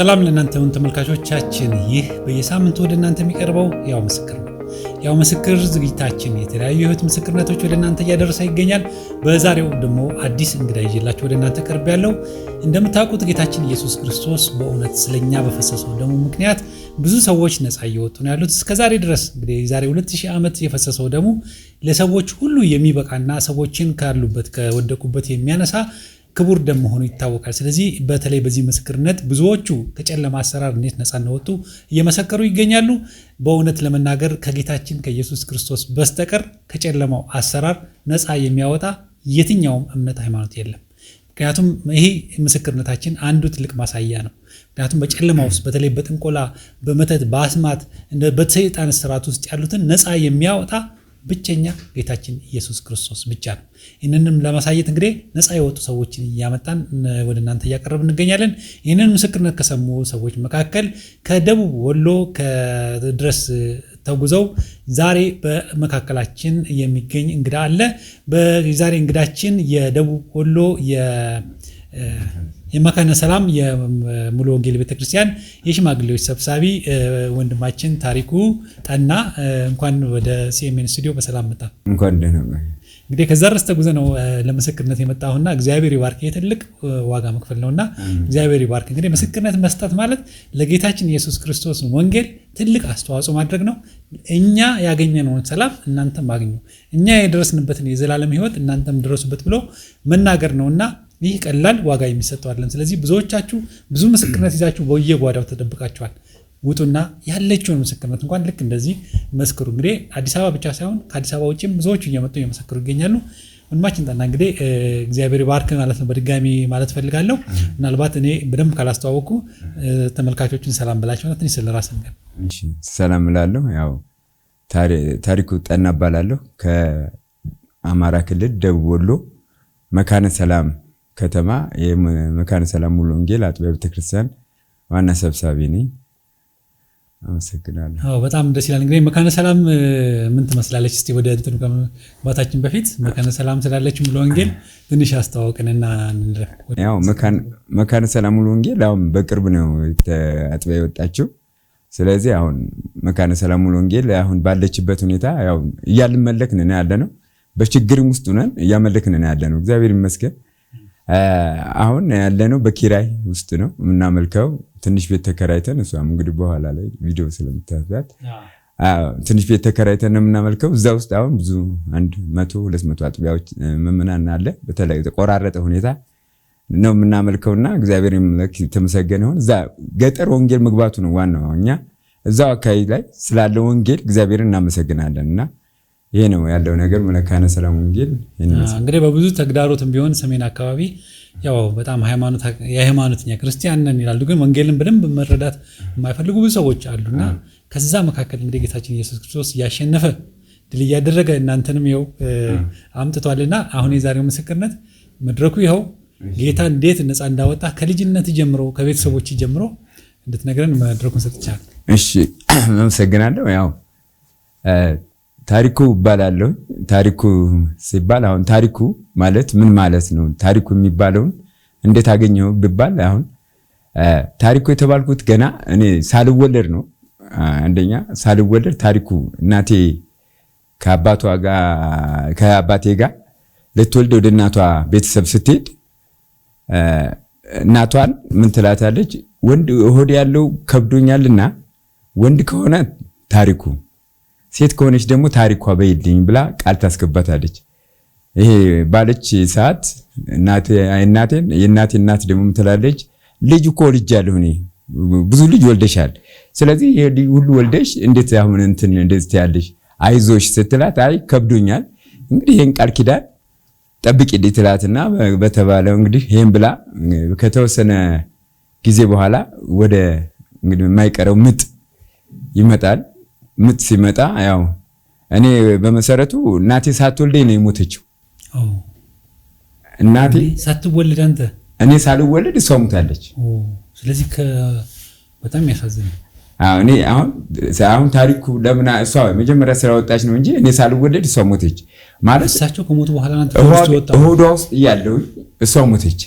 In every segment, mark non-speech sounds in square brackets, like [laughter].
ሰላም ለእናንተ ተመልካቾቻችን። ይህ በየሳምንቱ ወደ እናንተ የሚቀርበው ሕያው ምስክር ነው። ሕያው ምስክር ዝግጅታችን የተለያዩ የህይወት ምስክርነቶች ወደ እናንተ እያደረሰ ይገኛል። በዛሬው ደግሞ አዲስ እንግዳ ይዤላችሁ ወደ እናንተ ቀርብ ያለው እንደምታውቁት ጌታችን ኢየሱስ ክርስቶስ በእውነት ስለኛ በፈሰሰው ደሙ ምክንያት ብዙ ሰዎች ነፃ እየወጡ ነው ያሉት። እስከ ዛሬ ድረስ እንግዲህ የዛሬ 2000 ዓመት የፈሰሰው ደሙ ለሰዎች ሁሉ የሚበቃና ሰዎችን ካሉበት ከወደቁበት የሚያነሳ ክቡር ደም መሆኑ ይታወቃል። ስለዚህ በተለይ በዚህ ምስክርነት ብዙዎቹ ከጨለማ አሰራር እንዴት ነፃ እንደወጡ እየመሰከሩ ይገኛሉ። በእውነት ለመናገር ከጌታችን ከኢየሱስ ክርስቶስ በስተቀር ከጨለማው አሰራር ነፃ የሚያወጣ የትኛውም እምነት ሃይማኖት የለም። ምክንያቱም ይሄ ምስክርነታችን አንዱ ትልቅ ማሳያ ነው። ምክንያቱም በጨለማ ውስጥ በተለይ በጥንቆላ፣ በመተት፣ በአስማት፣ በሰይጣን ስርዓት ውስጥ ያሉትን ነፃ የሚያወጣ ብቸኛ ጌታችን ኢየሱስ ክርስቶስ ብቻ ነው። ይህንንም ለማሳየት እንግዲህ ነፃ የወጡ ሰዎችን እያመጣን ወደ እናንተ እያቀረብ እንገኛለን። ይህንን ምስክርነት ከሰሙ ሰዎች መካከል ከደቡብ ወሎ ከድረስ ተጉዘው ዛሬ በመካከላችን የሚገኝ እንግዳ አለ። ዛሬ እንግዳችን የደቡብ ወሎ የመካነ ሰላም የሙሉ ወንጌል ቤተክርስቲያን የሽማግሌዎች ሰብሳቢ ወንድማችን ታሪኩ ጠና እንኳን ወደ ሲኤምኤን ስቱዲዮ በሰላም መጣ። እንግዲህ ከዛ ረስተ ጉዞ ነው ለምስክርነት የመጣሁና እግዚአብሔር ይባርክ። የትልቅ ዋጋ መክፈል ነውና እግዚአብሔር ይባርክ። እንግዲህ ምስክርነት መስጠት ማለት ለጌታችን ኢየሱስ ክርስቶስ ወንጌል ትልቅ አስተዋጽኦ ማድረግ ነው። እኛ ያገኘነውን ሰላም እናንተም አግኙ፣ እኛ የደረስንበትን የዘላለም ሕይወት እናንተም ደረሱበት ብሎ መናገር ነውና ይህ ቀላል ዋጋ የሚሰጠው አይደለም። ስለዚህ ብዙዎቻችሁ ብዙ ምስክርነት ይዛችሁ በየጓዳው ተጠብቃችኋል ውጡና ያለችውን ምስክርነት እንኳን ልክ እንደዚህ መስክሩ። እንግዲህ አዲስ አበባ ብቻ ሳይሆን ከአዲስ አበባ ውጭም ብዙዎቹ እየመጡ እየመሰክሩ ይገኛሉ። ወንድማችን ጠና እንግዲህ እግዚአብሔር ባርክ ማለት ነው። በድጋሚ ማለት ፈልጋለሁ። ምናልባት እኔ በደንብ ካላስተዋወቁ ተመልካቾችን ሰላም ብላቸው ትንሽ ስለ ራስ ሰላም ብላለሁ ያው ታሪኩ ጠና እባላለሁ ከአማራ ክልል ደቡብ ወሎ መካነ ሰላም ከተማ የመካነ ሰላም ሙሉ ወንጌል አጥቢያ ቤተክርስቲያን ዋና ሰብሳቢ ነኝ። አመሰግናለሁ። በጣም ደስ ይላል። እንግዲህ መካነ ሰላም ምን ትመስላለች? እስቲ ወደ እንትኑ ከመግባታችን በፊት መካነ ሰላም ስላለች ሙሉ ወንጌል ትንሽ አስተዋወቅንና ያው መካነ ሰላም ሙሉ ወንጌል አሁን በቅርብ ነው አጥቢያ የወጣችው። ስለዚህ አሁን መካነ ሰላም ሙሉ ወንጌል አሁን ባለችበት ሁኔታ ያው እያልመለክን ያለ ነው። በችግርም ውስጥ ነን እያመለክን ነው ያለ ነው። እግዚአብሔር ይመስገን። አሁን ያለነው በኪራይ ውስጥ ነው የምናመልከው። ትንሽ ቤት ተከራይተን እሷም እንግዲህ በኋላ ላይ ቪዲዮ ስለምታያት ትንሽ ቤት ተከራይተን ነው የምናመልከው። እዛ ውስጥ አሁን ብዙ አንድ መቶ ሁለት መቶ አጥቢያዎች ምዕመናን አለ። በተለይ ተቆራረጠ ሁኔታ ነው የምናመልከውና እግዚአብሔር ይመስገን የተመሰገነ ይሁን። እዛ ገጠር ወንጌል መግባቱ ነው ዋናው። እኛ እዛው አካባቢ ላይ ስላለ ወንጌል እግዚአብሔር እናመሰግናለን እና ይሄ ነው ያለው ነገር። መካነ ሰላም ወንጌል እንግዲህ በብዙ ተግዳሮትም ቢሆን ሰሜን አካባቢ ያው በጣም የሃይማኖተኛ ክርስቲያን ነን ይላሉ፣ ግን ወንጌልን በደንብ መረዳት የማይፈልጉ ብዙ ሰዎች አሉና ከዛ መካከል እንግዲህ ጌታችን ኢየሱስ ክርስቶስ እያሸነፈ ድል እያደረገ እናንተንም ይኸው አምጥቷልና አሁን የዛሬው ምስክርነት መድረኩ ይኸው ጌታ እንዴት ነፃ እንዳወጣ ከልጅነት ጀምሮ ከቤተሰቦች ጀምሮ እንድትነግረን መድረኩን ሰጥቻል። እሺ፣ አመሰግናለሁ ያው ታሪኩ እባላለሁ። ታሪኩ ሲባል አሁን ታሪኩ ማለት ምን ማለት ነው? ታሪኩ የሚባለውን እንዴት አገኘው ብባል አሁን ታሪኩ የተባልኩት ገና እኔ ሳልወለድ ነው። አንደኛ ሳልወለድ ታሪኩ እናቴ ከአባቷ ጋር ከአባቴ ጋር ልትወልድ ወደ እናቷ ቤተሰብ ስትሄድ እናቷን ምን ትላታለች? ወንድ ሆድ ያለው ከብዶኛልና ወንድ ከሆነ ታሪኩ ሴት ከሆነች ደግሞ ታሪኳ በይልኝ ብላ ቃል ታስገባታለች። ይሄ ባለች ሰዓት እናቴን የእናቴ እናት ደግሞ ምትላለች ልጅ እኮ ወልጃለሁ እኔ ብዙ ልጅ ወልደሻል። ስለዚህ ሁሉ ወልደሽ እንዴት አሁን እንትን እንደዚህ ያለሽ አይዞሽ ስትላት አይ ከብዶኛል እንግዲህ ይህን ቃል ኪዳን ጠብቂልኝ ትላትና በተባለው እንግዲህ ይህን ብላ ከተወሰነ ጊዜ በኋላ ወደ እንግዲህ የማይቀረው ምጥ ይመጣል። ምጥ ሲመጣ ያው እኔ በመሰረቱ እናቴ ሳትወልደኝ ነው የሞተችው። እናቴ ሳትወልድ አንተ እኔ ሳልወልድ እሷ ሞታለች። ስለዚህ በጣም ያሳዝናል። እኔ አሁን አሁን ታሪኩ ለምን እሷ መጀመሪያ ስላወጣች ነው እንጂ እኔ ሳልወለድ እሷ ሞተች ማለት እሳቸው ከሞቱ በኋላ ውስጥ እያለው እሷ ሞተች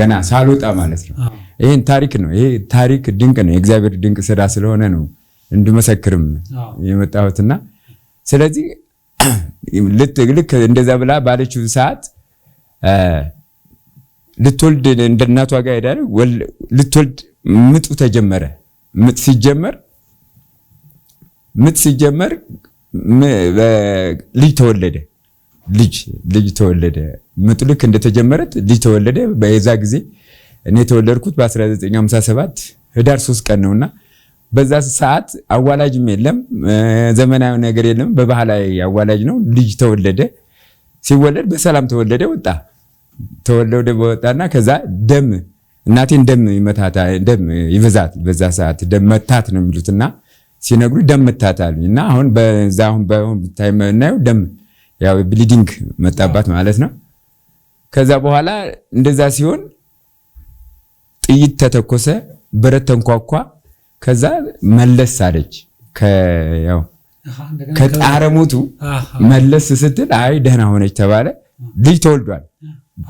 ገና ሳልወጣ ማለት ነው። ይህን ታሪክ ነው። ይሄ ታሪክ ድንቅ ነው። የእግዚአብሔር ድንቅ ስራ ስለሆነ ነው እንድመሰክርም የመጣሁትና ስለዚህ ልክ እንደዛ ብላ ባለችው ሰዓት ልትወልድ እንደ እናቷ ጋር ልትወልድ ምጡ ተጀመረ። ምጥ ሲጀመር ምጥ ሲጀመር ልጅ ተወለደ። ልጅ ልጅ ተወለደ። ምጡ ልክ እንደተጀመረት ልጅ ተወለደ። በዛ ጊዜ እኔ የተወለድኩት በ1957 ህዳር ሶስት ቀን ነውና በዛ ሰዓት አዋላጅም የለም፣ ዘመናዊ ነገር የለም። በባህላዊ አዋላጅ ነው። ልጅ ተወለደ። ሲወለድ በሰላም ተወለደ፣ ወጣ። ተወለደ ወጣና ከዛ ደም እናቴን ደም ይመታታ ደም ይበዛት በዛ ሰዓት ደም መታት ነው የሚሉትና ሲነግሩ ደም መታታል እና አሁን በዛ አሁን ብታይ የምናየው ደም ያው ብሊዲንግ መጣባት ማለት ነው። ከዛ በኋላ እንደዛ ሲሆን ጥይት ተተኮሰ፣ ብረት ተንኳኳ ከዛ መለስ አለች ከጣረሙቱ መለስ ስትል አይ ደህና ሆነች ተባለ። ልጅ ተወልዷል።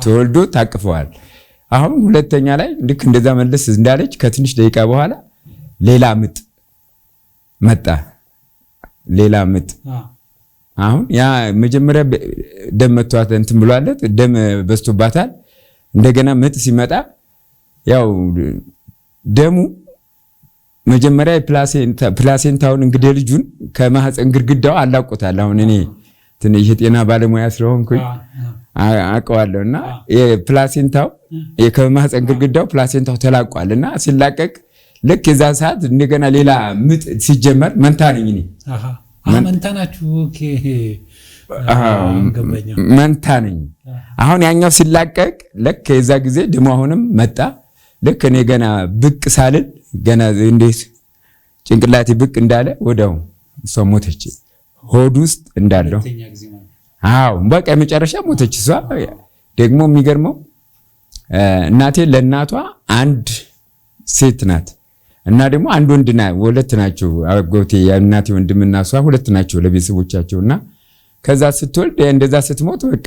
ተወልዶ ታቅፈዋል። አሁን ሁለተኛ ላይ ልክ እንደዛ መለስ እንዳለች ከትንሽ ደቂቃ በኋላ ሌላ ምጥ መጣ። ሌላ ምጥ አሁን ያ መጀመሪያ ደም መቷት እንትን ብሏለት ደም በዝቶባታል። እንደገና ምጥ ሲመጣ ያው ደሙ መጀመሪያ ፕላሴንታውን እንግዲህ ልጁን ከማህፀን ግድግዳው አላቆታል። አሁን እኔ ትንሽ የጤና ባለሙያ ስለሆንኩኝ አውቀዋለሁ እና የፕላሴንታው ከማህፀን ግድግዳው ፕላሴንታው ተላቋል እና ሲላቀቅ ልክ የዛ ሰዓት እንደገና ሌላ ምጥ ሲጀመር መንታ ነኝ እኔ መንታ ነኝ። አሁን ያኛው ሲላቀቅ ልክ የዛ ጊዜ ደሞ አሁንም መጣ ልክ እኔ ገና ብቅ ሳልል ገና እንዴት ጭንቅላቴ ብቅ እንዳለ ወደው እሷ ሞተች። ሆድ ውስጥ እንዳለው አዎ፣ በቃ የመጨረሻ ሞተች። እሷ ደግሞ የሚገርመው እናቴ ለእናቷ አንድ ሴት ናት እና ደግሞ አንድ ወንድ ሁለት ናቸው። አጎቴ እናቴ ወንድምና እሷ ሁለት ናቸው ለቤተሰቦቻቸው እና ከዛ ስትወልድ እንደዛ ስትሞት በቃ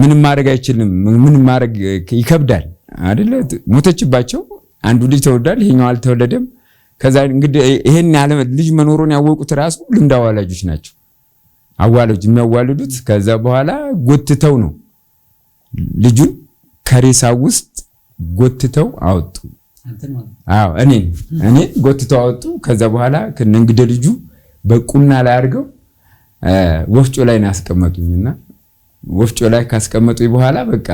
ምንም ማድረግ አይችልም። ምንም ማድረግ ይከብዳል አይደለ? ሞተችባቸው። አንዱ ልጅ ተወልዷል፣ ይሄኛው አልተወለደም። ከዛ እንግዲህ ይሄን ያለ ልጅ መኖሩን ያወቁት ራሱ ልምድ አዋላጆች ናቸው። አዋላጆች የሚያዋልዱት ከዛ በኋላ ጎትተው ነው ልጁን ከሬሳ ውስጥ ጎትተው አወጡ። አዎ እኔ እኔ ጎትተው አወጡ። ከዛ በኋላ እንግዲህ ልጁ በቁና ላይ አድርገው ወፍጮ ላይ ነው ያስቀመጡኝና ወፍጮ ላይ ካስቀመጡኝ በኋላ በቃ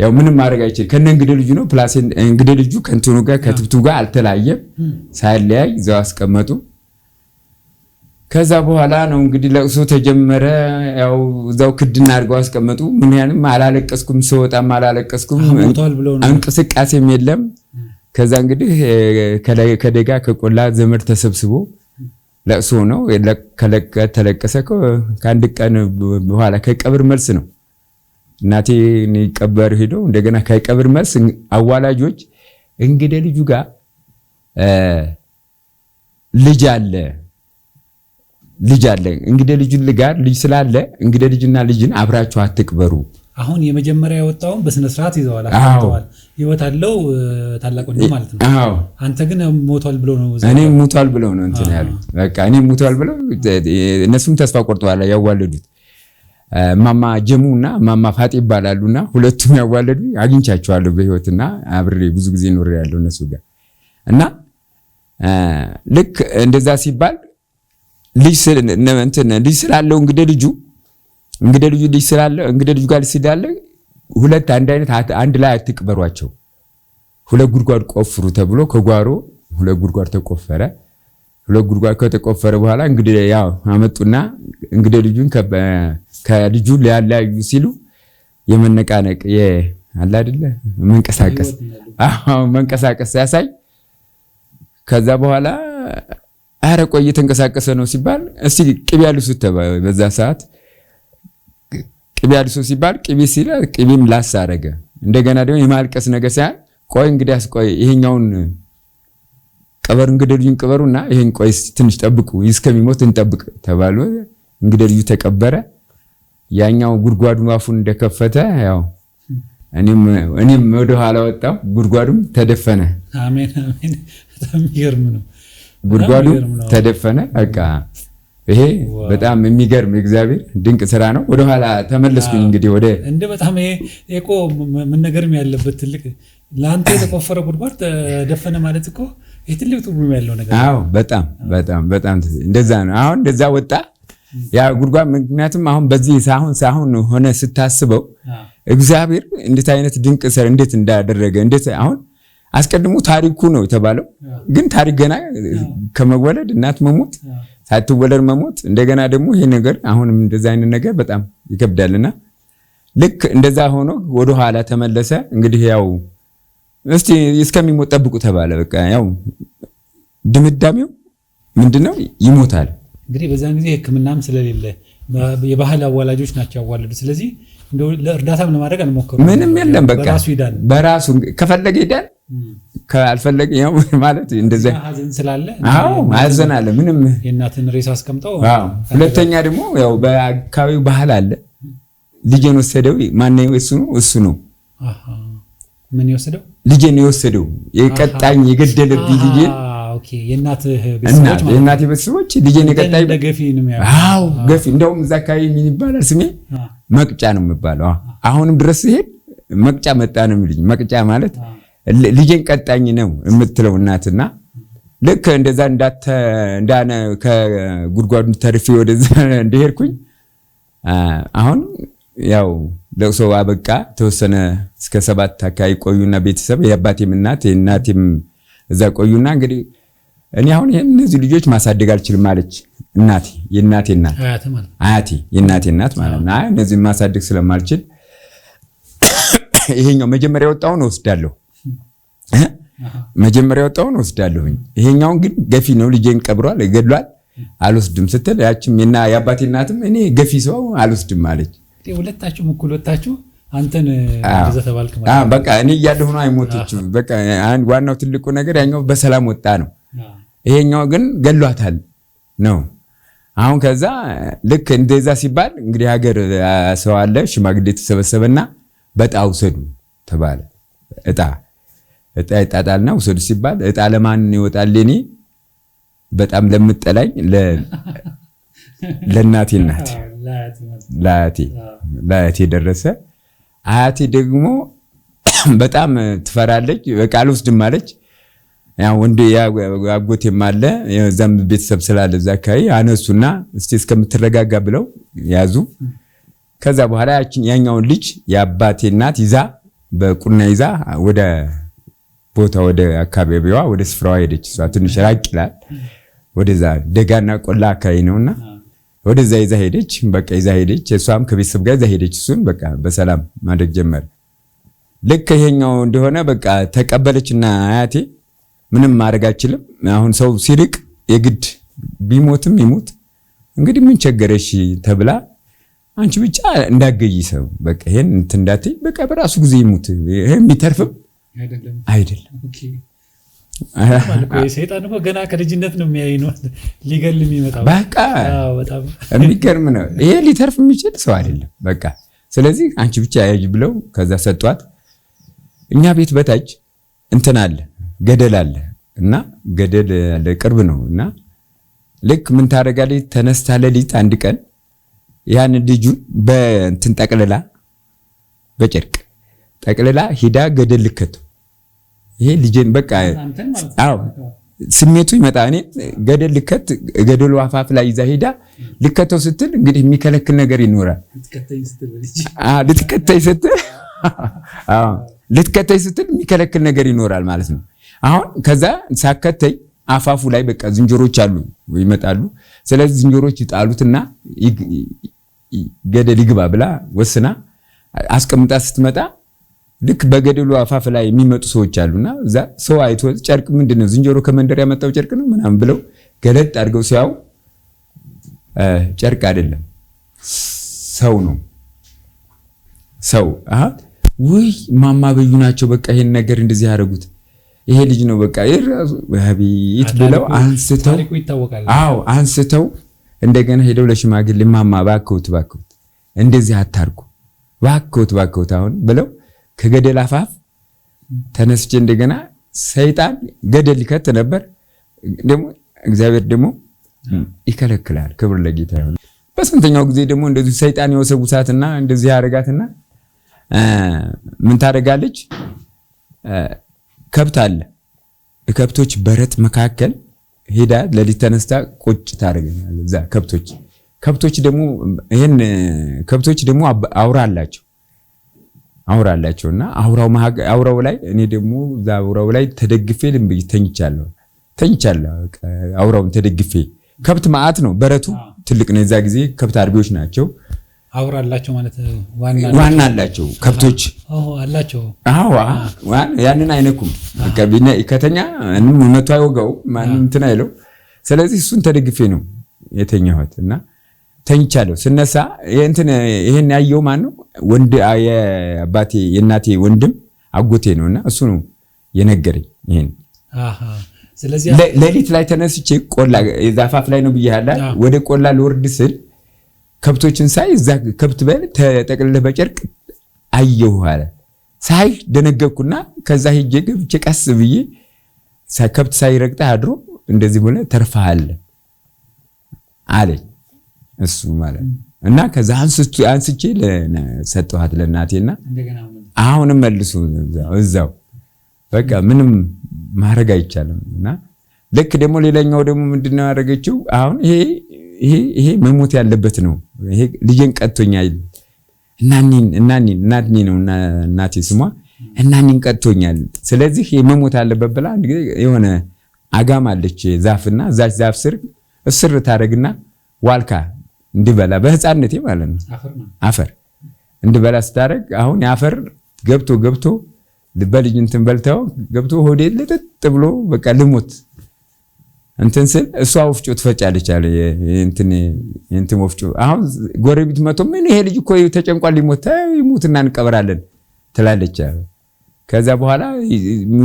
ያው ምንም ማድረግ አይችልም። ከነ እንግዲህ ልጁ ነው ፕላስ እንግዲህ ልጁ ከእንትኑ ጋር ከትብቱ ጋር አልተለያየም። ሳይለያይ እዛው አስቀመጡ። ከዛ በኋላ ነው እንግዲህ ለቅሶ ተጀመረ። ያው እዛው ክድና አድርገው አስቀመጡ። ምን ያንም አላለቀስኩም፣ ስወጣም አላለቀስኩም፣ እንቅስቃሴም የለም። ከዛ እንግዲህ ከደጋ ከቆላ ዘመድ ተሰብስቦ ለቅሶ ነው ተለቀሰ። ከአንድ ቀን በኋላ ከቀብር መልስ ነው እናቴ ቀበር ሄደው እንደገና ከቀብር መልስ አዋላጆች እንግደ ልጁ ጋር ልጅ አለ ልጅ አለ እንግደ ልጁ ጋር ልጅ ስላለ እንግደ ልጅና ልጅን አብራችሁ አትቅበሩ። አሁን የመጀመሪያ የወጣውን በስነ ስርዓት ይዘዋል፣ አዋል ህይወት አለው ታላቅ ወንድም ማለት ነው። አንተ ግን ሞቷል ብሎ ነው እኔ ሞቷል ብለው ነው እንትን ያሉት። በቃ እኔ ሞቷል ብለው እነሱም ተስፋ ቆርጠዋል ያዋለዱት ማማ ጀሙ እና ማማ ፋጤ ይባላሉ እና ሁለቱም ያዋለዱ አግኝቻቸዋለሁ እና አብሬ ብዙ ጊዜ ኖር ያለው እነሱ ጋር እና ልክ እንደዛ ሲባል ልጅ ስላለው እንግዲህ ልጁ እንግዲህ ልጁ ልጅ ስላለው እንግዲህ ልጁ ጋር ሲዳለ ሁለት አንድ አይነት አንድ ላይ አትቅበሯቸው፣ ሁለት ጉድጓድ ቆፍሩ ተብሎ ከጓሮ ሁለት ጉድጓድ ተቆፈረ። ሁለት ጉድጓድ ከተቆፈረ በኋላ እንግዲህ ያው አመጡና እንግዲህ ልጁን ከልጁ ሊያለያዩ ሲሉ የመነቃነቅ አለ አይደለ መንቀሳቀስ መንቀሳቀስ ሲያሳይ ከዛ በኋላ አረ ቆይ እየተንቀሳቀሰ ነው ሲባል እስቲ ቅቤ አልብሱ በዛ ሰዓት ቅቤ አልብሱ ሲባል ቅቤ ሲለ ቅቤም ላስ አረገ። እንደገና ደግሞ የማልቀስ ነገር ሲያል ቆይ እንግዲያስ ቆይ ይሄኛውን ቀበሩን ግደልዩን ቅበሩና ይሄን ቆይ ትንሽ ጠብቁ እስከሚሞት እንጠብቅ ተባሉ። እንግደልዩ ተቀበረ። ያኛው ጉድጓዱ አፉን እንደከፈተ ያው እኔም ወደ ኋላ ወጣው፣ ጉድጓዱም ተደፈነ። ጉድጓዱም ተደፈነ። በቃ ይሄ በጣም የሚገርም እግዚአብሔር ድንቅ ስራ ነው። ወደኋላ ተመለስኩኝ። እንግዲህ ወደ እንደ በጣም እኮ መነገርም ያለበት ትልቅ ለአንተ የተቆፈረ ጉድጓድ ተደፈነ ማለት እኮ ይህ ትልቅ ትርጉም ያለው ነገር። አዎ በጣም በጣም በጣም እንደዛ ነው። አሁን እንደዛ ወጣ ያ ጉድጓድ ምክንያቱም አሁን በዚህ ሳሁን ሳሁን ሆነ ስታስበው እግዚአብሔር እንዴት አይነት ድንቅ ሰር እንዴት እንዳደረገ እንዴት አሁን አስቀድሞ ታሪኩ ነው የተባለው። ግን ታሪክ ገና ከመወለድ እናት መሞት፣ ሳትወለድ መሞት፣ እንደገና ደግሞ ይሄ ነገር አሁንም እንደዛ አይነት ነገር በጣም ይከብዳልና ልክ እንደዛ ሆኖ ወደኋላ ተመለሰ። እንግዲህ ያው እስቲ እስከሚሞት ጠብቁ ተባለ። በቃ ያው ድምዳሜው ምንድነው? ይሞታል እንግዲህ በዛን ጊዜ ሕክምናም ስለሌለ የባህል አዋላጆች ናቸው ያዋለዱ። ስለዚህ እርዳታም ለማድረግ አልሞከሩም። ምንም የለም። በቃ በራሱ ከፈለገ ይዳል፣ ካልፈለገ ያው [laughs] ማለት እንደዚያ ሐዘን ስላለ አዎ፣ ሐዘን አለ። ምንም የእናትን ሬሳ አስቀምጠው። ሁለተኛ ደግሞ ያው በአካባቢው ባህል አለ። ልጄን ወሰደው ማነው? እሱ ነው እሱ ነው ምን የወሰደው ልጄን የወሰደው የቀጣኝ የገደለብኝ ልጄን የእናት ቤተሰቦች ልጄን የቀጣይ ገፊ እንደውም እዛ አካባቢ ምን ይባላል ስሜ መቅጫ ነው የሚባለው። አሁንም ድረስ ሲሄድ መቅጫ መጣ ነው የሚሉኝ። መቅጫ ማለት ልጄን ቀጣኝ ነው የምትለው እናትና ልክ እንደዛ እንዳነ ከጉድጓዱ ተርፌ ወደዛ እንደሄድኩኝ አሁን ያው ለቅሶ አበቃ። ተወሰነ እስከ ሰባት አካባቢ ቆዩና ቤተሰብ የአባቴም እናት የእናቴም እዛ ቆዩና እንግዲህ እኔ አሁን ይህን እነዚህ ልጆች ማሳደግ አልችልም አለች እናቴ፣ የእናቴ እናት አያቴ፣ የእናቴ እናት ማለት ነው። እነዚህ ማሳደግ ስለማልችል ይሄኛው መጀመሪያ የወጣውን እወስዳለሁ፣ መጀመሪያ የወጣውን እወስዳለሁኝ። ይሄኛውን ግን ገፊ ነው፣ ልጄን ቀብሯል፣ ገድሏል፣ አልወስድም ስትል ያችም የአባቴ እናትም እኔ ገፊ ሰው አልወስድም አለች። ሁለታችሁም እኩል ወጣችሁ። አንተን በቃ እኔ እያለሁ ነው አይሞቶችም። በቃ ዋናው ትልቁ ነገር ያኛው በሰላም ወጣ ነው። ይሄኛው ግን ገሏታል ነው። አሁን ከዛ ልክ እንደዛ ሲባል እንግዲህ ሀገር ሰው አለ ሽማግሌ ተሰበሰበና በጣ ውሰዱ ተባለ። እጣ እጣ ይጣጣልና ውሰዱ ሲባል እጣ ለማን ይወጣል? እኔ በጣም ለምጠላኝ ለእናቴ እናቴ ለአያቴ ለአያቴ ደረሰ። አያቴ ደግሞ በጣም ትፈራለች፣ በቃል አልወስድም አለች። ወንድ አጎቴም አለ እዛም ቤተሰብ ስላለ እዛ አካባቢ አነሱና እስቲ እስከምትረጋጋ ብለው ያዙ። ከዛ በኋላ ያኛውን ልጅ የአባቴ እናት ይዛ በቁና ይዛ ወደ ቦታ ወደ አካባቢዋ ወደ ስፍራዋ ሄደች። እሷ ትንሽ ራቅ ይላል፣ ወደዛ ደጋና ቆላ አካባቢ ነውና ወደዛ ይዛ ሄደች። በቃ ይዛ ሄደች። እሷም ከቤተሰብ ጋር ይዛ ሄደች። እሱን በቃ በሰላም ማደግ ጀመረ። ልክ ይሄኛው እንደሆነ በቃ ተቀበለችና አያቴ ምንም ማድረግ አይችልም። አሁን ሰው ሲርቅ የግድ ቢሞትም ይሞት እንግዲህ ምን ቸገረሽ ተብላ አንቺ ብቻ እንዳገይ ሰው በቃ ይሄን እንትን እንዳትይ በቃ በራሱ ጊዜ ይሙት። ይሄ የሚተርፍም አይደለም። ሰይጣን እኮ ገና ከልጅነት ነው የሚያይ ነው ሊገል የሚመጣው በቃ የሚገርም ነው። ይሄ ሊተርፍ የሚችል ሰው አይደለም። በቃ ስለዚህ አንቺ ብቻ ያዥ ብለው ከዛ ሰጧት። እኛ ቤት በታች እንትን አለ ገደል አለ እና ገደል ያለ ቅርብ ነው እና ልክ ምን ታደርጋለች? ተነስታ ሌሊት አንድ ቀን ያን ልጁን በእንትን ጠቅልላ በጨርቅ ጠቅልላ ሂዳ ገደል ልከቱ ይሄ ልጄን በቃ አዎ ስሜቱ ይመጣ። እኔ ገደል ልከት ገደሉ አፋፍ ላይ ይዛ ሄዳ ልከተው ስትል እንግዲህ የሚከለክል ነገር ይኖራል። ልትከተኝ ስትል ልትከተኝ ስትል የሚከለክል ነገር ይኖራል ማለት ነው። አሁን ከዛ ሳከተኝ አፋፉ ላይ በቃ ዝንጀሮች አሉ ይመጣሉ። ስለዚህ ዝንጀሮች ይጣሉትና ገደል ይግባ ብላ ወስና አስቀምጣ ስትመጣ ልክ በገደሉ አፋፍ ላይ የሚመጡ ሰዎች አሉና እዛ ሰው አይቶ ጨርቅ ምንድን ነው ዝንጀሮ ከመንደር ያመጣው ጨርቅ ነው ምናምን ብለው ገለጥ አድርገው ሲያው ጨርቅ አይደለም ሰው ነው ሰው። ውይ ማማ በዩ ናቸው። በቃ ይሄን ነገር እንደዚህ ያደረጉት ይሄ ልጅ ነው በቃ ቤት ብለው አንስተው አዎ አንስተው እንደገና ሄደው ለሽማግሌ ማማ ባከውት ባከውት እንደዚህ አታርጉ ባከውት ባከውት አሁን ብለው ከገደል አፋፍ ተነስቼ እንደገና ሰይጣን ገደል ይከት ነበር ደግሞ እግዚአብሔር ደግሞ ይከለክላል። ክብር ለጌታ ይሁን። በስንተኛው ጊዜ ደግሞ እንደዚህ ሰይጣን የወሰጉሳትና እንደዚህ ያደረጋትና ምን ታደርጋለች? ከብት አለ። ከብቶች በረት መካከል ሄዳ ለሊት ተነስታ ቁጭ ታደርገናል። እዛ ከብቶች ከብቶች ደግሞ ይሄን ከብቶች ደግሞ አውራ አላቸው አውራ አላቸው እና አውራው አውራው ላይ እኔ ደግሞ እዛ አውራው ላይ ተደግፌ ልም ብዬ ተኝቻለሁ ተኝቻለሁ። አውራውን ተደግፌ ከብት ማአት ነው። በረቱ ትልቅ ነው። የዛ ጊዜ ከብት አርቢዎች ናቸው። አውራ አላቸው ማለት ዋና አላቸው ከብቶች አላቸው። ያንን አይነኩም። ከተኛ እውነቱ አይወጋው ማንም እንትን አይለው። ስለዚህ እሱን ተደግፌ ነው የተኛሁት እና ተኝቻለሁ። ስነሳ ይህን ያየው ማን ነው? ወንድ አባቴ የእናቴ ወንድም አጎቴ ነው እና እሱ ነው የነገረኝ ይህን ሌሊት ላይ ተነስቼ ቆላ ዛፋፍ ላይ ነው ብያላ ወደ ቆላ ልወርድ ስል ከብቶችን ሳይ እዛ ከብት በል ተጠቅልለህ በጨርቅ አየሁ አለ። ሳይ ደነገኩና ከዛ ሄጄ ገብቼ ቀስ ብዬ ከብት ሳይረግጠህ አድሮ እንደዚህ ብለህ ተርፈሃል አለኝ እሱ ማለት እና ከዛ አንስቼ ሰጠኋት ለእናቴና አሁንም መልሱ እዛው በቃ ምንም ማድረግ አይቻልም። እና ልክ ደግሞ ሌላኛው ደግሞ ምንድነው ያደረገችው አሁን ይሄ ይሄ መሞት ያለበት ነው፣ ይሄ ልጄን ቀጥቶኛል። እናኒን እናኒን እናትኒ ነው እናቴ ስሟ እናኒን ቀጥቶኛል። ስለዚህ ይሄ መሞት ያለበት ብላ አንድ ጊዜ የሆነ አጋም አለች ዛፍና እዛች ዛፍ ስር እስር ታደርግና ዋልካ እንድበላ በህፃንነቴ ማለት ነው አፈር እንድበላ ስታደርግ አሁን የአፈር ገብቶ ገብቶ በልጅ እንትን በልተው ገብቶ ሆዴ ልጥጥ ብሎ በቃ ልሞት እንትን ስል እሷ ወፍጮ ትፈጫለች አለ እንትን ወፍጮ። አሁን ጎረቤት መቶ ምን ይሄ ልጅ እኮ ተጨንቋል ሊሞት ይሙትና እንቀብራለን ትላለች አለ። ከዛ በኋላ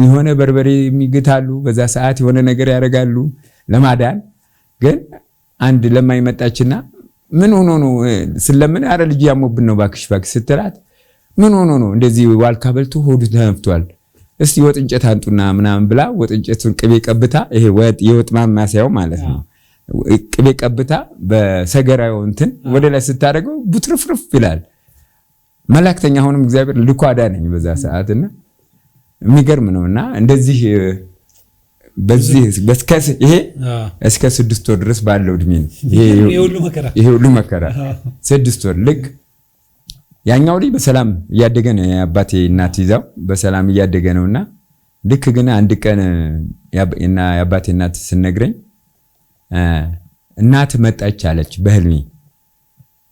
የሆነ በርበሬ የሚግታሉ፣ በዛ ሰዓት የሆነ ነገር ያደርጋሉ ለማዳን። ግን አንድ ለማኝ መጣችና ምን ሆኖ ነው ስለምን፣ አረ ልጅ ያሞብን ነው ባክሽ ባክሽ ስትላት ምን ሆኖ ነው እንደዚህ ዋልካ በልቶ ሆዱ ተነፍቷል እስቲ ወጥ እንጨት አንጡና ምናምን ብላ ወጥ እንጨቱን ቅቤ ቀብታ፣ ይሄ ወጥ የወጥ ማማሰያው ማለት ነው። ቅቤ ቀብታ በሰገራው እንትን ወደ ላይ ስታደርገው ቡትርፍርፍ ይላል። መላክተኛ አሁንም እግዚአብሔር ልኮ አዳነኝ በዛ ሰዓት እና የሚገርም ነውና እንደዚህ በዚህ ይሄ እስከ ስድስት ወር ድረስ ባለው እድሜ ነው ይሄ ሁሉ መከራ ስድስት ወር ልክ ያኛው ልጅ በሰላም እያደገ ነው። የአባቴ እናት ይዛው በሰላም እያደገ ነው እና ልክ ግን አንድ ቀን የአባቴ እናት ስነግረኝ እናት መጣች አለች። በህልሜ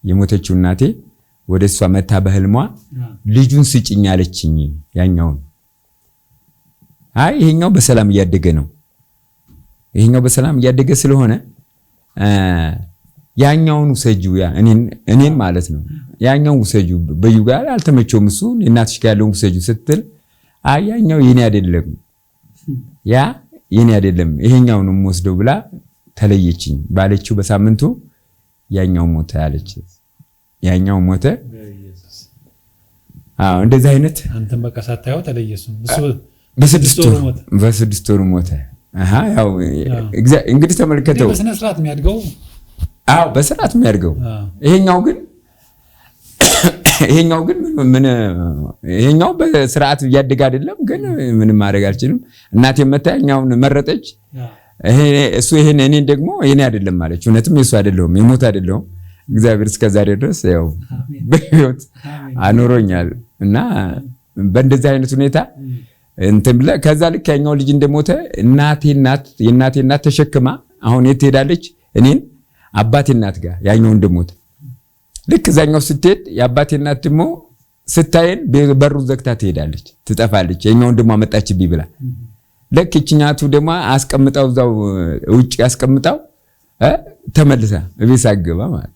የሞተችው እናቴ ወደ እሷ መታ በህልሟ ልጁን ስጭኝ አለችኝ። ያኛውን አይ ይሄኛው በሰላም እያደገ ነው። ይሄኛው በሰላም እያደገ ስለሆነ ያኛውን ውሰጁ እኔን ማለት ነው። ያኛውን ውሰጁ በዩ ጋር አልተመቸውም እሱ እናትሽ ጋር ያለውን ውሰጁ ስትል ያኛው የኔ አይደለም፣ ያ የኔ አይደለም፣ ይሄኛው ነው የምወስደው ብላ ተለየችኝ። ባለችው በሳምንቱ ያኛው ሞተ አለች። ያኛው ሞተ። አዎ እንደዚህ አይነት አንተም በቃ ሳታየው ተለየሱ። በስድስት ወሩ ሞተ። በስድስት ወሩ ሞተ። አሃ ያው እንግዲህ ተመልከተው በስነ ስርዓት የሚያድገው አዎ በስርዓት የሚያድገው ይሄኛው ግን [coughs] ይሄኛው ግን ምን ይሄኛው በስርዓት እያደገ አይደለም። ግን ምንም ማድረግ አልችልም። እናቴ መታኛውን መረጠች። እሱ ይሄን እኔን ደግሞ ይሄን አይደለም ማለች። እውነትም የሱ አይደለሁም የሞት አይደለሁም። እግዚአብሔር እስከዛ ድረስ ያው በህይወት አኖሮኛል እና በእንደዚህ አይነት ሁኔታ እንትን ብለህ ከዛ ልክ ያኛው ልጅ እንደሞተ እናቴ እናት የእናቴ እናት ተሸክማ አሁን የት ትሄዳለች እኔን አባቴ እናት ጋር ያኛው እንደሞት ልክ እዛኛው ስትሄድ የአባቴ እናት ድሞ ስታየን በሩ ዘግታ ትሄዳለች፣ ትጠፋለች። የኛውን ደግሞ አመጣችብኝ ብላ ልክ እችኛቱ ደግሞ አስቀምጣው እዛው ውጭ አስቀምጣው ተመልሳ እቤት ሳገባ ማለት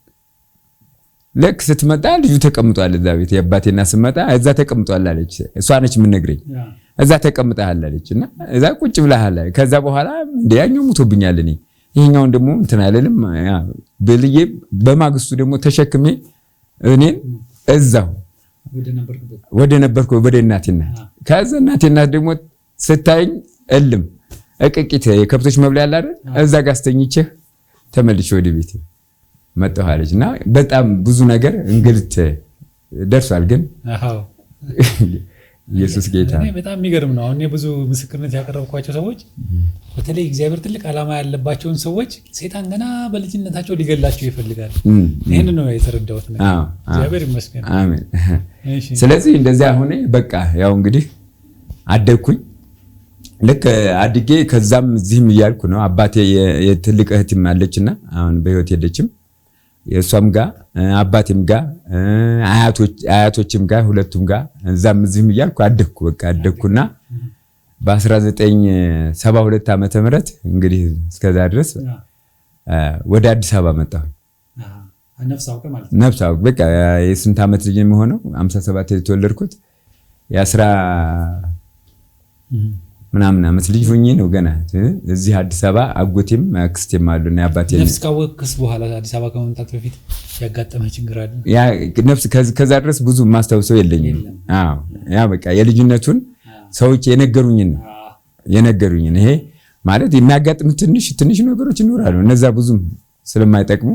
ልክ ስትመጣ ልጁ ተቀምጧል እዛ ቤት የአባቴና ስመጣ እዛ ተቀምጧል አለች። እሷ ነች የምነግረኝ እዛ ተቀምጠሃል አለች እና እዛ ቁጭ ብላሃል። ከዛ በኋላ እንደ ያኛው ሙቶብኛል እኔ ይህኛውን ደግሞ እንትን አይልም ብልዬ በማግስቱ ደግሞ ተሸክሜ እኔን እዛው ወደ ነበርኩ ወደ እናቴ እናት ከዛ እናቴ እናት ደግሞ ስታይኝ እልም እቅቂት የከብቶች መብላ ያለ አይደል እዛ ጋር አስተኝቼህ ተመልሼ ወደ ቤት መጣሁ አለች እና በጣም ብዙ ነገር እንግልት ደርሷል ግን ኢየሱስ ጌታ። በጣም የሚገርም ነው። አሁን ብዙ ምስክርነት ያቀረብኳቸው ሰዎች በተለይ እግዚአብሔር ትልቅ ዓላማ ያለባቸውን ሰዎች ሴጣን ገና በልጅነታቸው ሊገላቸው ይፈልጋል። ይህን ነው የተረዳሁት። እግዚአብሔር ይመስገን። ስለዚህ እንደዚያ ሆነ። በቃ ያው እንግዲህ አደግኩኝ። ልክ አድጌ ከዛም እዚህም እያልኩ ነው። አባቴ የትልቅ እህትም አለችና አሁን በህይወት የለችም እሷም ጋ አባቴም ጋ አያቶችም ጋ ሁለቱም ጋ እዛም እዚህም እያልኩ አደግኩ። በቃ አደግኩና በ1972 ዓመተ ምህረት እንግዲህ እስከዛ ድረስ ወደ አዲስ አበባ መጣሁ። ነፍስ አውቅ በቃ የስንት ዓመት ልጅ የሚሆነው 57 የተወለድኩት የ ምናምን ዓመት ልጅ ሆኜ ነው ገና እዚህ አዲስ አበባ አጎቴም አክስቴም አሉና አባቴ ነፍስ ካወቅስ በኋላ አዲስ አበባ ከመምጣት በፊት ያጋጠመ ችግር አለ? ያ ነፍስ ከዛ ድረስ ብዙ ማስታውሰው የለኝም። አዎ ያ በቃ የልጅነቱን ሰዎች የነገሩኝን ነው የነገሩኝን። ይሄ ማለት የሚያጋጥም ትንሽ ትንሽ ነገሮች ይኖራሉ። እነዛ ብዙም ስለማይጠቅሙ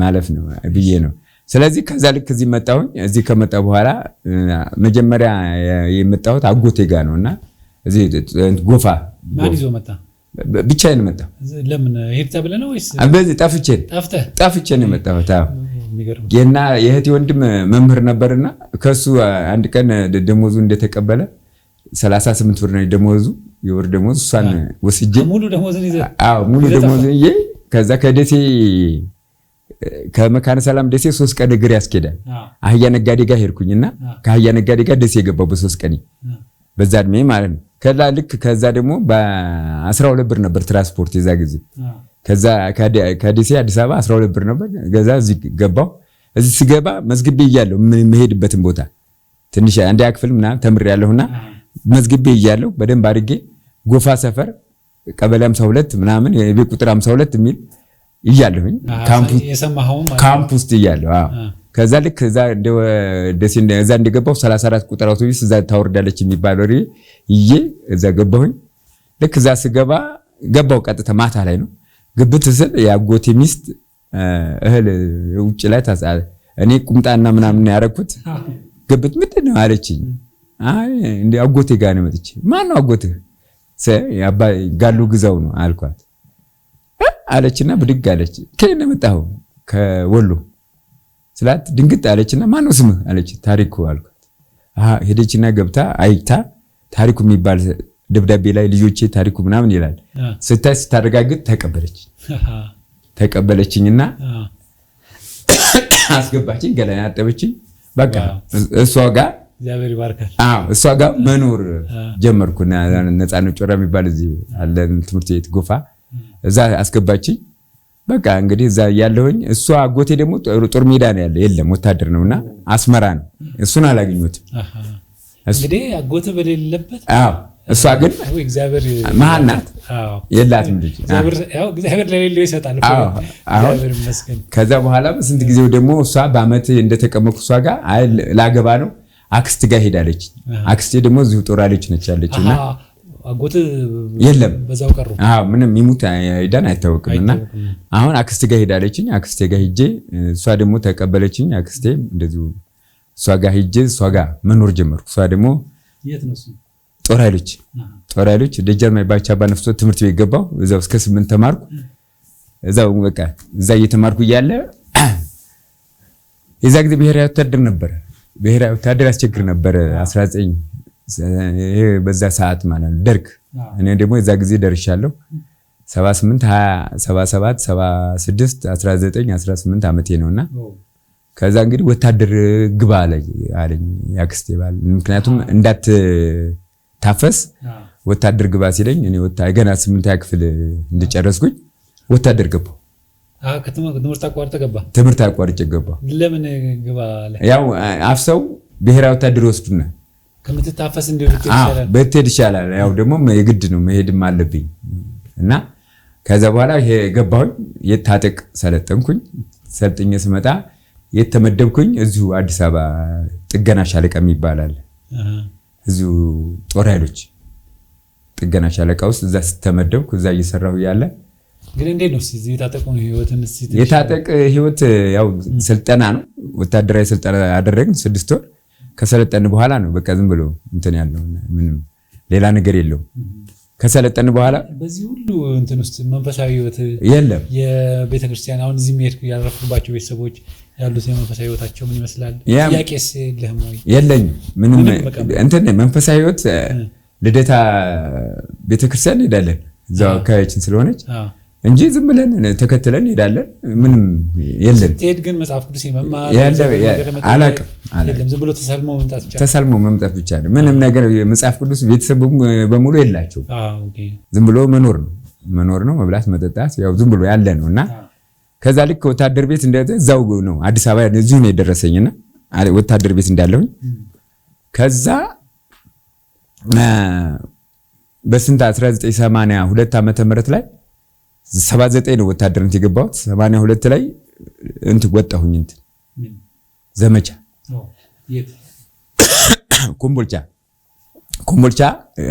ማለፍ ነው ብዬ ነው። ስለዚህ ከዛ ልክ እዚህ መጣሁኝ። እዚህ ከመጣ በኋላ መጀመሪያ የመጣሁት አጎቴ ጋር ነውና ጎፋ ብቻዬን መጣሁ። በዚህ ጠፍቼን ጠፍቼን የመጣሁት? ወንድም መምህር ነበርና ከሱ አንድ ቀን ደሞዙ እንደተቀበለ 38 ብር ነው ደሞዙ፣ የወር ደሞዝ እሷን ወስጄ ሙሉ ይዤ ከዛ ከደሴ ከመካነ ሰላም ደሴ ሶስት ቀን እግር ያስኬዳል። አህያ ነጋዴ ጋር ሄድኩኝና ከአህያ ነጋዴ ጋር ደሴ የገባው በሶስት ቀን በዛ እድሜ ማለት ነው። ከዛ ልክ ከዛ ደግሞ በ12 ብር ነበር ትራንስፖርት የዛ ጊዜ ከዛ ከደሴ አዲስ አበባ 12 ብር ነበር። ገዛ እዚህ ገባው። እዚህ ስገባ መዝግቤ እያለሁ የምሄድበትን ቦታ ትንሽ አንድ ክፍል ምናምን ተምሬያለሁና መዝግቤ እያለሁ በደንብ አድርጌ ጎፋ ሰፈር ቀበሌ 52 ምናምን የቤት ቁጥር 52 የሚል እያለሁኝ ካምፕ ውስጥ እያለሁ ከዛ ልክ እዛ እንደገባሁ 34 ቁጥር አውቶቢስ እዛ ታወርዳለች የሚባለው ወሬ ይዤ እዛ ገባሁኝ። ልክ እዛ ስገባ ገባሁ ቀጥታ ማታ ላይ ነው። ግብት ስል የአጎቴ ሚስት እህል ውጭ ላይ ታሳለ እኔ ቁምጣና ምናምን ያደረኩት ግብት ምንድን ነው አለችኝ። እንደ አጎቴ ጋር ነው መጥቼ። ማን ነው አጎትህ? ጋሉ ግዛው ነው አልኳት አለችና ብድግ አለች። ከየት ነው የመጣኸው? ከወሎ ስላት ድንግጥ አለችና ማነው ስምህ አለች። ታሪኩ አልኳት። ሄደችና ገብታ አይታ ታሪኩ የሚባል ደብዳቤ ላይ ልጆቼ ታሪኩ ምናምን ይላል። ስታይ ስታረጋግጥ ተቀበለች ተቀበለችኝና አስገባችኝ። ገላ ያጠበችኝ። በቃ እሷ ጋር እሷ ጋር መኖር ጀመርኩ። ነፃነት ጮራ የሚባል እዚህ አለን ትምህርት ቤት ጎፋ፣ እዛ አስገባችኝ። በቃ እንግዲህ እዛ ያለሁኝ እሱ አጎቴ ደግሞ ጦር ሜዳ ነው ያለ፣ የለም ወታደር ነውና አስመራ ነው። እሱን አላገኙትም። እንግዲህ አጎቴ በሌለበት እሷ ግን መሀል ናት፣ የላትም ልጅ ከዛ በኋላ ስንት ጊዜው ደግሞ እሷ በአመት እንደተቀመጥኩ እሷ ጋር ላገባ ነው አክስት ጋር ሄዳለች። አክስቴ ደግሞ እዚሁ ጦር አለች ነች ያለች እና አጎት የለም በዛው ቀሩ። አዎ ምንም ይሙት አይዳን አይታወቅም። እና አሁን አክስት ጋር ሄዳለችኝ። አክስቴ ጋር ሄጄ እሷ ደግሞ ተቀበለችኝ። አክስቴ እንደዚሁ እሷ ጋር ሄጄ እሷ ጋር መኖር ጀመርኩ። እሷ ደግሞ ጦር ኃይሎች ጦር ኃይሎች ደጃዝማ ባቻ ባነፍሶ ትምህርት ቤት ገባሁ። እዛው እስከ ስምንት ተማርኩ። እዛው በቃ እዛ እየተማርኩ እያለ [clears throat] የዛ ጊዜ ብሔራዊ ወታደር ነበረ። ብሔራዊ ወታደር ያስቸግር ነበረ 19 በዛ ሰዓት ማለት ነው ደርግ። እኔ ደግሞ የዛ ጊዜ ደርሻለሁ 78 77 76 19 18 ዓመቴ ነው። እና ከዛ እንግዲህ ወታደር ግባ አለኝ ያክስቴ ባል። ምክንያቱም እንዳትታፈስ ወታደር ግባ ሲለኝ እኔ ገና ስምንተኛ ክፍል እንደጨረስኩኝ ወታደር ገባሁ። ትምህርት አቋርጬ ገባሁ። ለምን ግባ? ያው አፍሰው ብሔራዊ ወታደር ይወስዱናል ከምትታፈስ ብትሄድ ይሻላል። ያው ደግሞ የግድ ነው መሄድም አለብኝ እና ከዛ በኋላ ገባሁኝ። የታጠቅ ሰለጠንኩኝ። ሰልጥኜ ስመጣ የተመደብኩኝ እዚሁ አዲስ አበባ ጥገና ሻለቃ ይባላል። እዚሁ ጦር ኃይሎች ጥገና ሻለቃ ውስጥ እዛ ስተመደብኩ እዛ እየሰራሁ ያለ ግን እንዴት ነው የታጠቅ ህይወት? ያው ስልጠና ነው፣ ወታደራዊ ስልጠና አደረግን ስድስት ወር ከሰለጠን በኋላ ነው በቃ ዝም ብሎ እንትን ያለው ምንም ሌላ ነገር የለውም። ከሰለጠን በኋላ በዚህ ሁሉ እንትን ውስጥ መንፈሳዊ ህይወት የለም። የቤተክርስቲያን አሁን እዚህ ሄድኩ ያረፍኩባቸው ቤተሰቦች ያሉት የመንፈሳዊ ህይወታቸው ምን ይመስላል? ጥያቄስ የለህም ወይ? የለኝ ምንም እንትን መንፈሳዊ ህይወት ልደታ ቤተክርስቲያን እንሄዳለን እዛው አካባቢያችን ስለሆነች እንጂ ዝም ብለን ተከትለን እንሄዳለን። ምንም የለም። ስትሄድ ግን መጽሐፍ ቅዱስ መማር ተሰልሞ መምጣት ብቻ ነው። ምንም ነገር መጽሐፍ ቅዱስ ቤተሰብ በሙሉ የላቸው። ዝም ብሎ መኖር ነው መኖር ነው። መብላት፣ መጠጣት ያው ዝም ብሎ ያለ ነው እና ከዛ ልክ ወታደር ቤት እዛው ነው አዲስ አበባ እዚሁ ነው የደረሰኝና ወታደር ቤት እንዳለሁኝ ከዛ በስንት 1982 ዓመተ ምህረት ላይ 79 ነው ወታደርነት የገባሁት 82 ላይ እንት ወጣሁኝ እንት ዘመቻ ኮምቦልቻ ኮምቦልቻ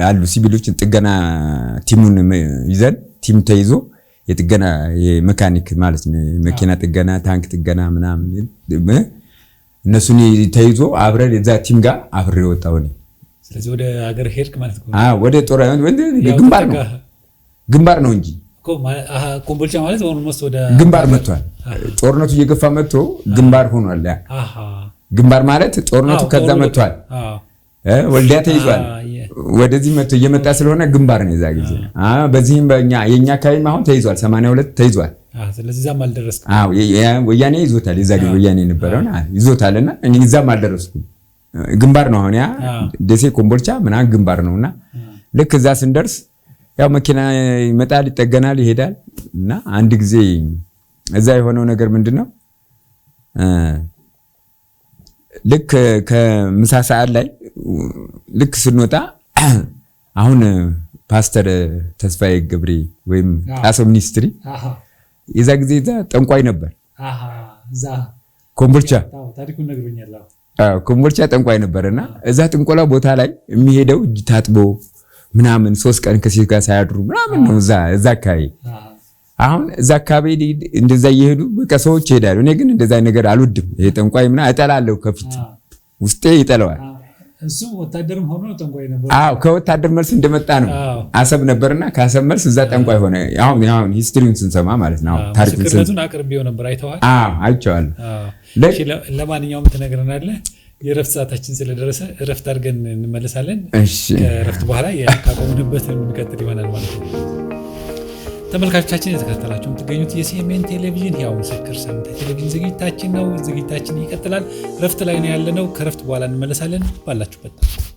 አሉ ሲቪሎችን ጥገና ቲሙን ይዘን ቲም ተይዞ የጥገና የመካኒክ ማለት ነው። መኪና ጥገና፣ ታንክ ጥገና ምናምን እነሱን ተይዞ አብረን የዛ ቲም ጋር አብሬ ወጣሁ። ወደ ሀገር ሄድክ ማለት ነው። ወደ ጦር ግንባር ነው ግንባር ነው እንጂ ኮምቦልቻ ማለት ግንባር መጥቷል። ጦርነቱ እየገፋ መጥቶ ግንባር ሆኗል። ግንባር ማለት ጦርነቱ ከዛ መጥቷል። ወልዲያ ተይዟል። ወደዚህ መጥቶ እየመጣ ስለሆነ ግንባር ነው የዛ ጊዜ። በዚህም የእኛ አካባቢ አሁን ተይዟል፣ 82 ተይዟል። ወያኔ ይዞታል። የዛ ጊዜ ወያኔ የነበረውን ይዞታል እና እዛም አልደረስኩም። ግንባር ነው አሁን ያ ደሴ ኮምቦልቻ ምናምን ግንባር ነውና ልክ እዛ ስንደርስ ያው መኪና ይመጣል፣ ይጠገናል፣ ይሄዳል እና አንድ ጊዜ እዛ የሆነው ነገር ምንድን ነው ልክ ከምሳ ሰዓት ላይ ልክ ስንወጣ [clears throat] አሁን ፓስተር ተስፋዬ ገብሬ ወይም ጣሰው ሚኒስትሪ የዛ ጊዜ ዛ ጠንቋይ ነበር። ኮምቦልቻ ኮምቦልቻ ጠንቋይ ነበር እና እዛ ጥንቆላ ቦታ ላይ የሚሄደው እጅ ታጥቦ ምናምን ሶስት ቀን ከሴት ጋር ሳያድሩ ምናምን ነው እዛ አካባቢ። አሁን እዛ አካባቢ እንደዛ እየሄዱ በቃ ሰዎች ይሄዳሉ። እኔ ግን እንደዛ ነገር አልወድም። ይሄ ጠንቋይ ምናምን እጠላለሁ፣ ከፊት ውስጤ ይጠለዋል። አዎ ከወታደር መልስ እንደመጣ ነው። አሰብ ነበርና ከአሰብ መልስ እዛ ጠንቋይ ሆነ። አሁን አሁን ሂስትሪውን ስንሰማ ማለት ነው ታሪክ ስንሰማ ነበር። አይተዋል? አይቼዋለሁ። ለማንኛውም ትነግረናለህ የእረፍት ሰዓታችን ስለደረሰ እረፍት አድርገን እንመለሳለን። ከእረፍት በኋላ ካቆምንበት የምንቀጥል ይሆናል ማለት ነው። ተመልካቾቻችን የተከታተላችሁ የምትገኙት የሲኤምኤን ቴሌቪዥን ያው ምስክር ሳምንታዊ ቴሌቪዥን ዝግጅታችን ነው። ዝግጅታችን ይቀጥላል። እረፍት ላይ ነው ያለነው። ከረፍት በኋላ እንመለሳለን። ባላችሁበት